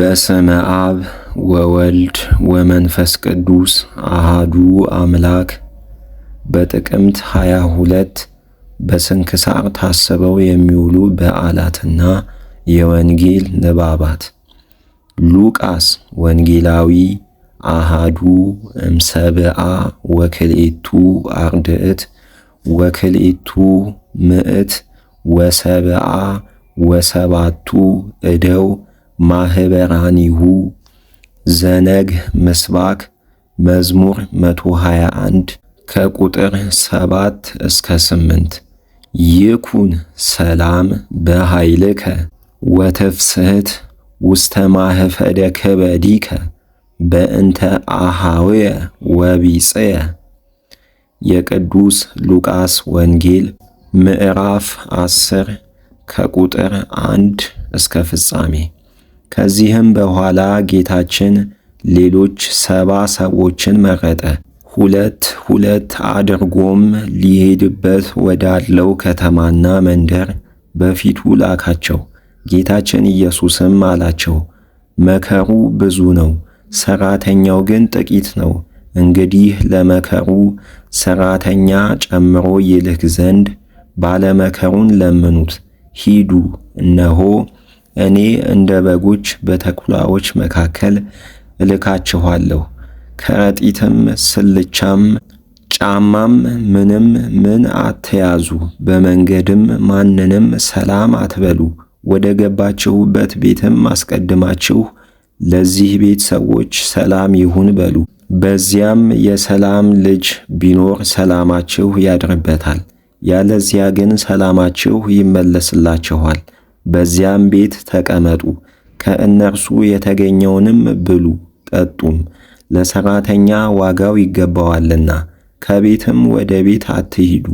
በስመ አብ ወወልድ ወመንፈስ ቅዱስ አሃዱ አምላክ። በጥቅምት ሃያ ሁለት በስንክሳር ታስበው የሚውሉ በዓላትና የወንጌል ንባባት ሉቃስ ወንጌላዊ አሃዱ እምሰብአ ወክልኤቱ አርድእት ወክልኤቱ ምዕት ወሰብአ ወሰባቱ እደው ማህበራኒሁ ዘነግ ምስባክ መዝሙር 121 ከቁጥር 7 እስከ 8 ይኩን ሰላም በኃይልከ ወተፍስህት ውስተ ማህፈደ ከበዲከ በእንተ አሃውየ ወቢጽየ። የቅዱስ ሉቃስ ወንጌል ምዕራፍ 10 ከቁጥር 1 እስከ ፍጻሜ ከዚህም በኋላ ጌታችን ሌሎች ሰባ ሰዎችን መረጠ። ሁለት ሁለት አድርጎም ሊሄድበት ወዳለው ከተማና መንደር በፊቱ ላካቸው። ጌታችን ኢየሱስም አላቸው፣ መከሩ ብዙ ነው፣ ሰራተኛው ግን ጥቂት ነው። እንግዲህ ለመከሩ ሰራተኛ ጨምሮ ይልክ ዘንድ ባለመከሩን ለምኑት። ሂዱ፣ እነሆ እኔ እንደ በጎች በተኩላዎች መካከል እልካችኋለሁ። ከረጢትም ስልቻም ጫማም ምንም ምን አትያዙ። በመንገድም ማንንም ሰላም አትበሉ። ወደ ገባችሁበት ቤትም አስቀድማችሁ ለዚህ ቤት ሰዎች ሰላም ይሁን በሉ። በዚያም የሰላም ልጅ ቢኖር ሰላማችሁ ያድርበታል፣ ያለዚያ ግን ሰላማችሁ ይመለስላችኋል። በዚያም ቤት ተቀመጡ፣ ከእነርሱ የተገኘውንም ብሉ ጠጡም፣ ለሠራተኛ ዋጋው ይገባዋልና። ከቤትም ወደ ቤት አትሂዱ።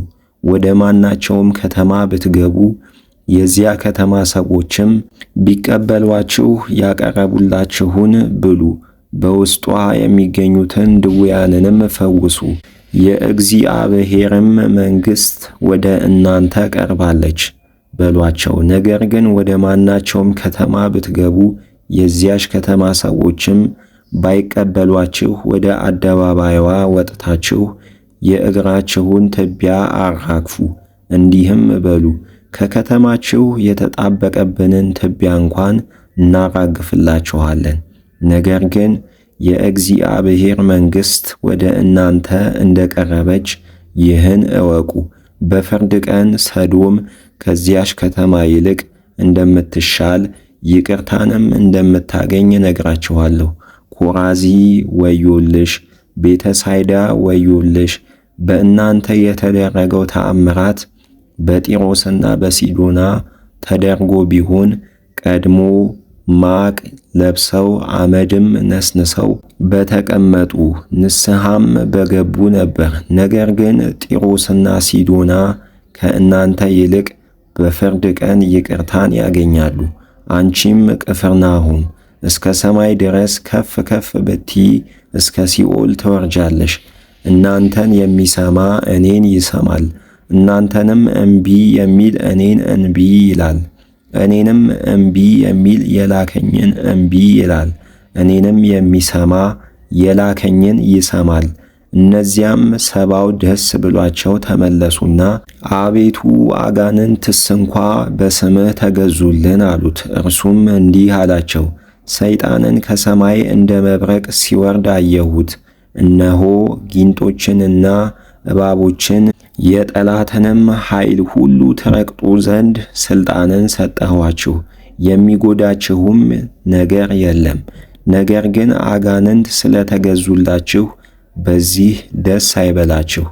ወደ ማናቸውም ከተማ ብትገቡ የዚያ ከተማ ሰዎችም ቢቀበሏችሁ ያቀረቡላችሁን ብሉ፣ በውስጧ የሚገኙትን ድውያንንም ፈውሱ። የእግዚአብሔርም መንግሥት ወደ እናንተ ቀርባለች። በሏቸው። ነገር ግን ወደ ማናቸውም ከተማ ብትገቡ የዚያች ከተማ ሰዎችም ባይቀበሏችሁ ወደ አደባባይዋ ወጥታችሁ የእግራችሁን ትቢያ አራግፉ፣ እንዲህም በሉ ከከተማችሁ የተጣበቀብንን ትቢያ እንኳን እናራግፍላችኋለን። ነገር ግን የእግዚአብሔር መንግሥት ወደ እናንተ እንደ ቀረበች ይህን እወቁ። በፍርድ ቀን ሰዶም ከዚያሽ ከተማ ይልቅ እንደምትሻል ይቅርታንም እንደምታገኝ ነግራችኋለሁ። ኮራዚ ወዮልሽ፣ ቤተሳይዳ ወዮልሽ! በእናንተ የተደረገው ተአምራት በጢሮስና በሲዶና ተደርጎ ቢሆን ቀድሞ ማቅ ለብሰው አመድም ነስንሰው በተቀመጡ ንስሐም በገቡ ነበር። ነገር ግን ጢሮስና ሲዶና ከእናንተ ይልቅ በፍርድ ቀን ይቅርታን ያገኛሉ። አንቺም ቅፍርናሁም እስከ ሰማይ ድረስ ከፍ ከፍ ብቲ እስከ ሲኦል ትወርጃለሽ። እናንተን የሚሰማ እኔን ይሰማል፣ እናንተንም እምቢ የሚል እኔን እንቢ ይላል፣ እኔንም እምቢ የሚል የላከኝን እምቢ ይላል። እኔንም የሚሰማ የላከኝን ይሰማል እነዚያም ሰባው ደስ ብሏቸው ተመለሱና አቤቱ አጋንንትስ እንኳ በስምህ ተገዙልን አሉት። እርሱም እንዲህ አላቸው፣ ሰይጣንን ከሰማይ እንደ መብረቅ ሲወርድ አየሁት። እነሆ ጊንጦችንና እባቦችን የጠላትንም ኃይል ሁሉ ትረቅጡ ዘንድ ሥልጣንን ሰጠኋችሁ፣ የሚጎዳችሁም ነገር የለም። ነገር ግን አጋንንት ስለ ተገዙላችሁ በዚህ ደስ አይበላችሁ፣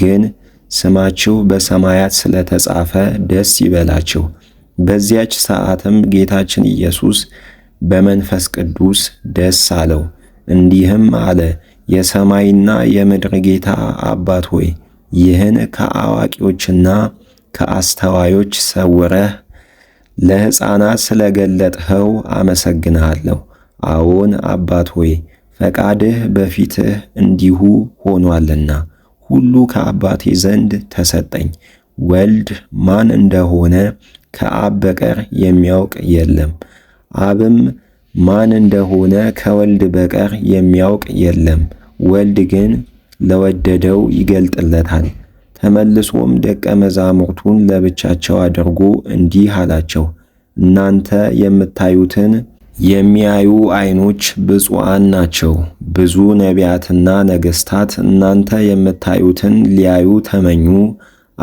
ግን ስማችሁ በሰማያት ስለተጻፈ ደስ ይበላችሁ። በዚያች ሰዓትም ጌታችን ኢየሱስ በመንፈስ ቅዱስ ደስ አለው፣ እንዲህም አለ። የሰማይና የምድር ጌታ አባት ሆይ ይህን ከአዋቂዎችና ከአስተዋዮች ሰውረህ ለሕፃናት ስለገለጥኸው አመሰግንሃለሁ። አዎን አባት ሆይ ፈቃድህ በፊትህ እንዲሁ ሆኗልና ሁሉ ከአባቴ ዘንድ ተሰጠኝ። ወልድ ማን እንደሆነ ከአብ በቀር የሚያውቅ የለም፣ አብም ማን እንደሆነ ከወልድ በቀር የሚያውቅ የለም። ወልድ ግን ለወደደው ይገልጥለታል። ተመልሶም ደቀ መዛሙርቱን ለብቻቸው አድርጎ እንዲህ አላቸው፣ እናንተ የምታዩትን የሚያዩ ዓይኖች ብፁዓን ናቸው። ብዙ ነቢያትና ነገሥታት እናንተ የምታዩትን ሊያዩ ተመኙ፣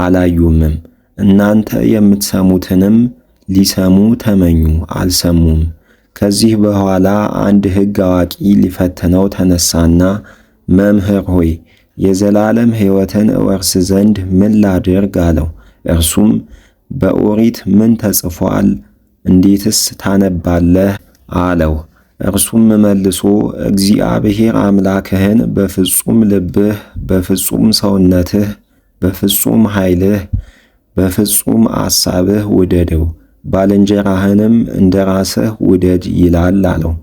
አላዩምም። እናንተ የምትሰሙትንም ሊሰሙ ተመኙ፣ አልሰሙም። ከዚህ በኋላ አንድ ሕግ አዋቂ ሊፈትነው ተነሳና መምህር ሆይ የዘላለም ሕይወትን እወርስ ዘንድ ምን ላድርግ አለው። እርሱም በኦሪት ምን ተጽፏል? እንዴትስ ታነባለህ? አለው። እርሱም መልሶ እግዚአብሔር አምላክህን በፍጹም ልብህ፣ በፍጹም ሰውነትህ፣ በፍጹም ኃይልህ፣ በፍጹም አሳብህ ውደደው፣ ባልንጀራህንም እንደ ራስህ ውደድ ይላል አለው።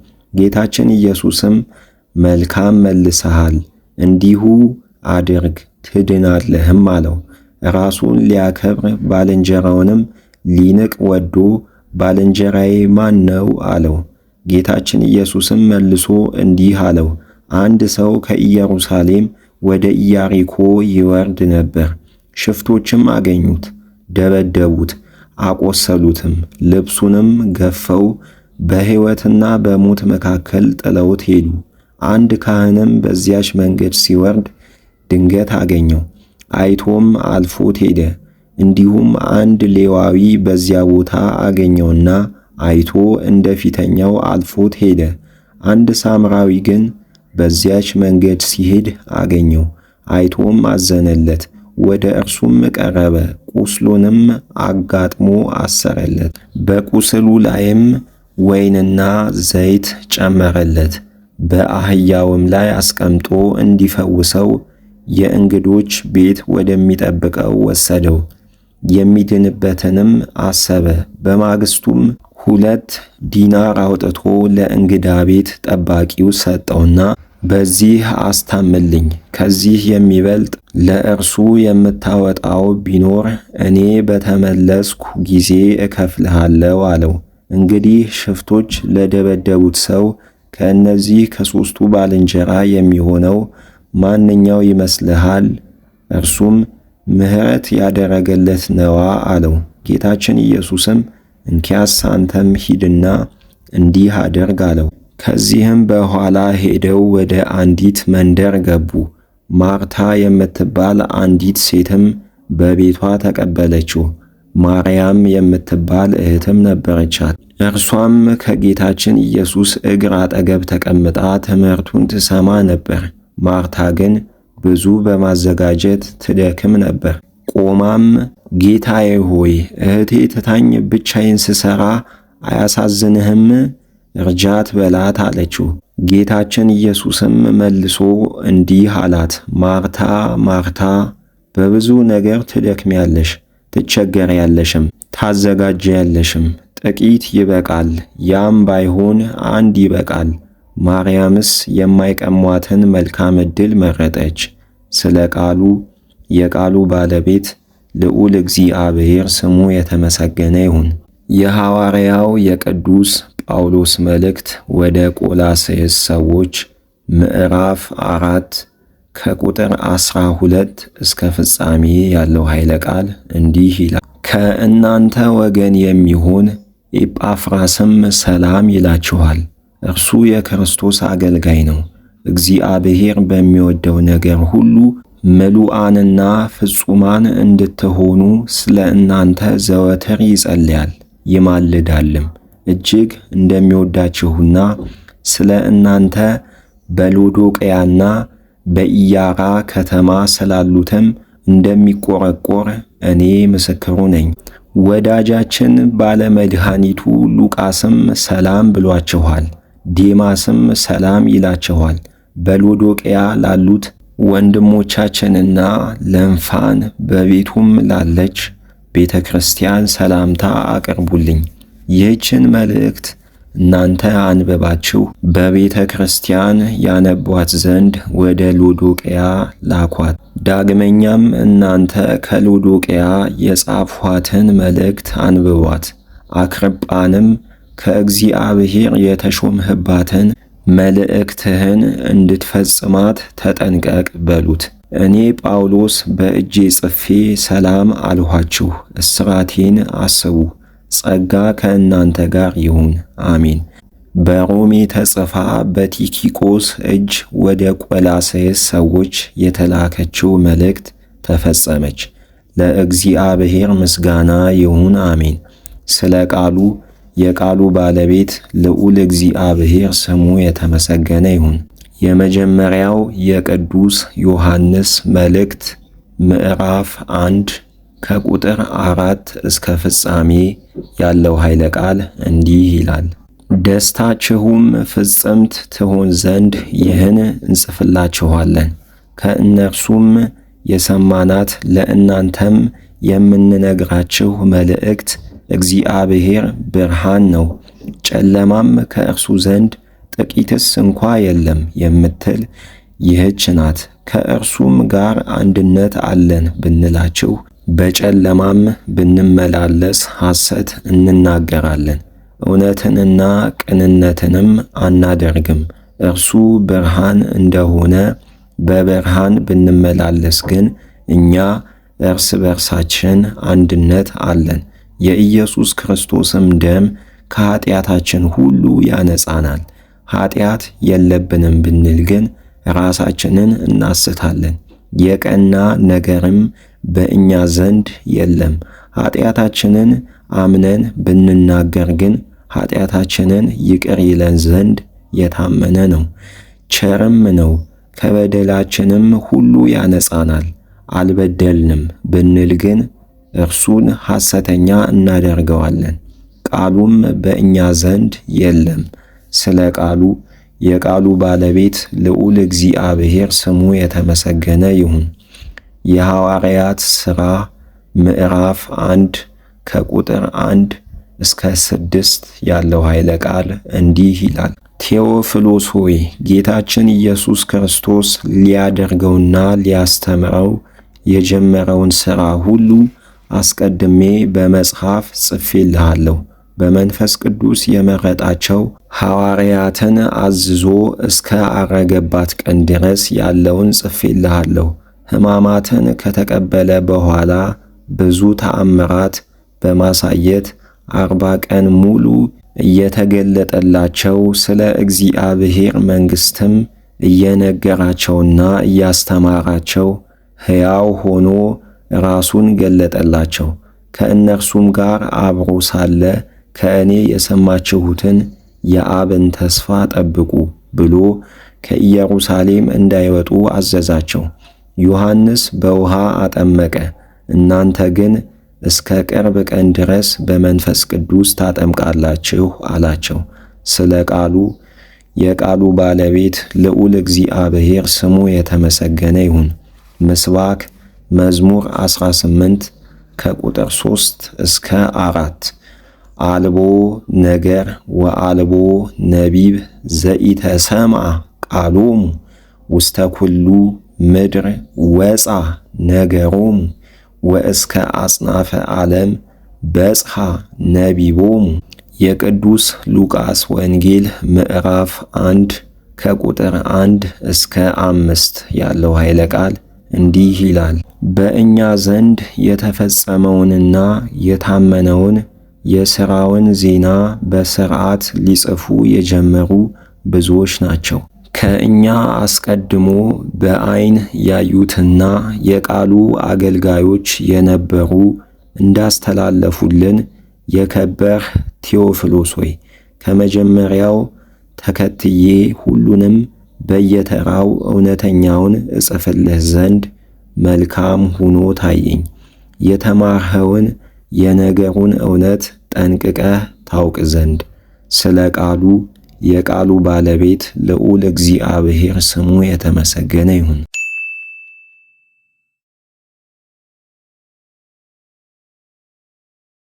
ጌታችን ኢየሱስም መልካም መልሰሃል፣ እንዲሁ አድርግ ትድናለህም አለው። ራሱን ሊያከብር ባልንጀራውንም ሊንቅ ወዶ ባልንጀራዬ ማን ነው አለው። ጌታችን ኢየሱስም መልሶ እንዲህ አለው፣ አንድ ሰው ከኢየሩሳሌም ወደ ኢያሪኮ ይወርድ ነበር። ሽፍቶችም አገኙት፣ ደበደቡት፣ አቆሰሉትም፣ ልብሱንም ገፈው በሕይወትና በሞት መካከል ጥለውት ሄዱ። አንድ ካህንም በዚያች መንገድ ሲወርድ ድንገት አገኘው፣ አይቶም አልፎት ሄደ። እንዲሁም አንድ ሌዋዊ በዚያ ቦታ አገኘውና አይቶ እንደ ፊተኛው አልፎት ሄደ። አንድ ሳምራዊ ግን በዚያች መንገድ ሲሄድ አገኘው። አይቶም አዘነለት። ወደ እርሱም ቀረበ፣ ቁስሉንም አጋጥሞ አሰረለት። በቁስሉ ላይም ወይንና ዘይት ጨመረለት። በአህያውም ላይ አስቀምጦ እንዲፈውሰው የእንግዶች ቤት ወደሚጠብቀው ወሰደው። የሚድንበትንም አሰበ። በማግስቱም ሁለት ዲናር አውጥቶ ለእንግዳ ቤት ጠባቂው ሰጠውና በዚህ አስታምልኝ፣ ከዚህ የሚበልጥ ለእርሱ የምታወጣው ቢኖር እኔ በተመለስኩ ጊዜ እከፍልሃለሁ አለው። እንግዲህ ሽፍቶች ለደበደቡት ሰው ከእነዚህ ከሦስቱ ባልንጀራ የሚሆነው ማንኛው ይመስልሃል? እርሱም ምሕረት ያደረገለት ነዋ አለው። ጌታችን ኢየሱስም እንኪያስ አንተም ሂድና እንዲህ አድርግ አለው። ከዚህም በኋላ ሄደው ወደ አንዲት መንደር ገቡ። ማርታ የምትባል አንዲት ሴትም በቤቷ ተቀበለችው። ማርያም የምትባል እህትም ነበረቻት። እርሷም ከጌታችን ኢየሱስ እግር አጠገብ ተቀምጣ ትምህርቱን ትሰማ ነበር። ማርታ ግን ብዙ በማዘጋጀት ትደክም ነበር። ቆማም ጌታዬ ሆይ እህቴ ትታኝ ብቻዬን ስሰራ አያሳዝንህም? እርጃት በላት አለችው። ጌታችን ኢየሱስም መልሶ እንዲህ አላት፣ ማርታ ማርታ በብዙ ነገር ትደክሚያለሽ፣ ትቸገሪያለሽም፣ ታዘጋጀያለሽም ጥቂት ይበቃል፣ ያም ባይሆን አንድ ይበቃል። ማርያምስ የማይቀሟትን መልካም ዕድል መረጠች። ስለ ቃሉ የቃሉ ባለቤት ልዑል እግዚአብሔር ስሙ የተመሰገነ ይሁን። የሐዋርያው የቅዱስ ጳውሎስ መልእክት ወደ ቆላስይስ ሰዎች ምዕራፍ አራት ከቁጥር ዐሥራ ሁለት እስከ ፍጻሜ ያለው ኃይለ ቃል እንዲህ ይላል። ከእናንተ ወገን የሚሆን ኤጳፍራስም ሰላም ይላችኋል። እርሱ የክርስቶስ አገልጋይ ነው። እግዚአብሔር በሚወደው ነገር ሁሉ ምሉአንና ፍጹማን እንድትሆኑ ስለ እናንተ ዘወትር ይጸልያል ይማልዳልም። እጅግ እንደሚወዳችሁና ስለ እናንተ በሎዶቅያና በኢያራ ከተማ ስላሉትም እንደሚቆረቆር እኔ ምስክሩ ነኝ። ወዳጃችን ባለመድኃኒቱ ሉቃስም ሰላም ብሏችኋል፣ ዴማስም ሰላም ይላችኋል። በሎዶቅያ ላሉት ወንድሞቻችንና ለንፋን በቤቱም ላለች ቤተ ክርስቲያን ሰላምታ አቅርቡልኝ። ይህችን መልእክት እናንተ አንብባችሁ በቤተ ክርስቲያን ያነቧት ዘንድ ወደ ሎዶቅያ ላኳት። ዳግመኛም እናንተ ከሎዶቅያ የጻፏትን መልእክት አንብቧት። አክርጳንም ከእግዚአብሔር የተሾምህባትን መልእክትህን እንድትፈጽማት ተጠንቀቅ በሉት። እኔ ጳውሎስ በእጄ ጽፌ ሰላም አልኋችሁ። እስራቴን አስቡ። ጸጋ ከእናንተ ጋር ይሁን፣ አሜን። በሮሜ ተጽፋ በቲኪቆስ እጅ ወደ ቆላስይስ ሰዎች የተላከችው መልእክት ተፈጸመች። ለእግዚአብሔር ምስጋና ይሁን፣ አሜን። ስለ ቃሉ የቃሉ ባለቤት ልዑል እግዚአብሔር ስሙ የተመሰገነ ይሁን። የመጀመሪያው የቅዱስ ዮሐንስ መልእክት ምዕራፍ አንድ ከቁጥር አራት እስከ ፍጻሜ ያለው ኃይለ ቃል እንዲህ ይላል። ደስታችሁም ፍጽምት ትሆን ዘንድ ይህን እንጽፍላችኋለን። ከእነርሱም የሰማናት ለእናንተም የምንነግራችሁ መልእክት እግዚአብሔር ብርሃን ነው፣ ጨለማም ከእርሱ ዘንድ ጥቂትስ እንኳ የለም የምትል ይህች ናት። ከእርሱም ጋር አንድነት አለን ብንላችሁ በጨለማም ብንመላለስ ሐሰት እንናገራለን፣ እውነትንና ቅንነትንም አናደርግም። እርሱ ብርሃን እንደሆነ በብርሃን ብንመላለስ ግን እኛ እርስ በርሳችን አንድነት አለን የኢየሱስ ክርስቶስም ደም ከኀጢአታችን ሁሉ ያነጻናል። ኀጢአት የለብንም ብንል ግን ራሳችንን እናስታለን፣ የቀና ነገርም በእኛ ዘንድ የለም። ኀጢአታችንን አምነን ብንናገር ግን ኀጢአታችንን ይቅር ይለን ዘንድ የታመነ ነው፣ ቸርም ነው፣ ከበደላችንም ሁሉ ያነጻናል። አልበደልንም ብንል ግን እርሱን ሐሰተኛ እናደርገዋለን፣ ቃሉም በእኛ ዘንድ የለም። ስለ ቃሉ የቃሉ ባለቤት ልዑል እግዚአብሔር ስሙ የተመሰገነ ይሁን። የሐዋርያት ሥራ ምዕራፍ አንድ ከቁጥር አንድ እስከ ስድስት ያለው ኃይለ ቃል እንዲህ ይላል። ቴዎፍሎስ ሆይ ጌታችን ኢየሱስ ክርስቶስ ሊያደርገውና ሊያስተምረው የጀመረውን ሥራ ሁሉ አስቀድሜ በመጽሐፍ ጽፌልሃለሁ። በመንፈስ ቅዱስ የመረጣቸው ሐዋርያትን አዝዞ እስከ አረገባት ቀን ድረስ ያለውን ጽፌልሃለሁ። ሕማማትን ከተቀበለ በኋላ ብዙ ተአምራት በማሳየት አርባ ቀን ሙሉ እየተገለጠላቸው ስለ እግዚአብሔር መንግሥትም እየነገራቸውና እያስተማራቸው ሕያው ሆኖ ራሱን ገለጠላቸው። ከእነርሱም ጋር አብሮ ሳለ ከእኔ የሰማችሁትን የአብን ተስፋ ጠብቁ ብሎ ከኢየሩሳሌም እንዳይወጡ አዘዛቸው። ዮሐንስ በውሃ አጠመቀ፣ እናንተ ግን እስከ ቅርብ ቀን ድረስ በመንፈስ ቅዱስ ታጠምቃላችሁ አላቸው። ስለ ቃሉ የቃሉ ባለቤት ልዑል እግዚአብሔር ስሙ የተመሰገነ ይሁን። ምስባክ መዝሙር 18 ከቁጥር 3 እስከ 4 አልቦ ነገር ወአልቦ ነቢብ ዘኢተሰምዐ ቃሎሙ ውስተ ኩሉ ምድር ወፃ ነገሮሙ ወእስከ አጽናፈ ዓለም በጽሐ ነቢቦሙ። የቅዱስ ሉቃስ ወንጌል ምዕራፍ አንድ ከቁጥር አንድ እስከ አምስት ያለው ኃይለ ቃል እንዲህ ይላል፣ በእኛ ዘንድ የተፈጸመውንና የታመነውን የሥራውን ዜና በሥርዓት ሊጽፉ የጀመሩ ብዙዎች ናቸው። ከእኛ አስቀድሞ በዐይን ያዩትና የቃሉ አገልጋዮች የነበሩ እንዳስተላለፉልን የከበር ቴዎፍሎስ ሆይ ከመጀመሪያው ተከትዬ ሁሉንም በየተራው እውነተኛውን እጽፍልህ ዘንድ መልካም ሁኖ ታየኝ። የተማርኸውን የነገሩን እውነት ጠንቅቀህ ታውቅ ዘንድ ስለ ቃሉ የቃሉ ባለቤት ልዑል እግዚአብሔር ስሙ የተመሰገነ ይሁን።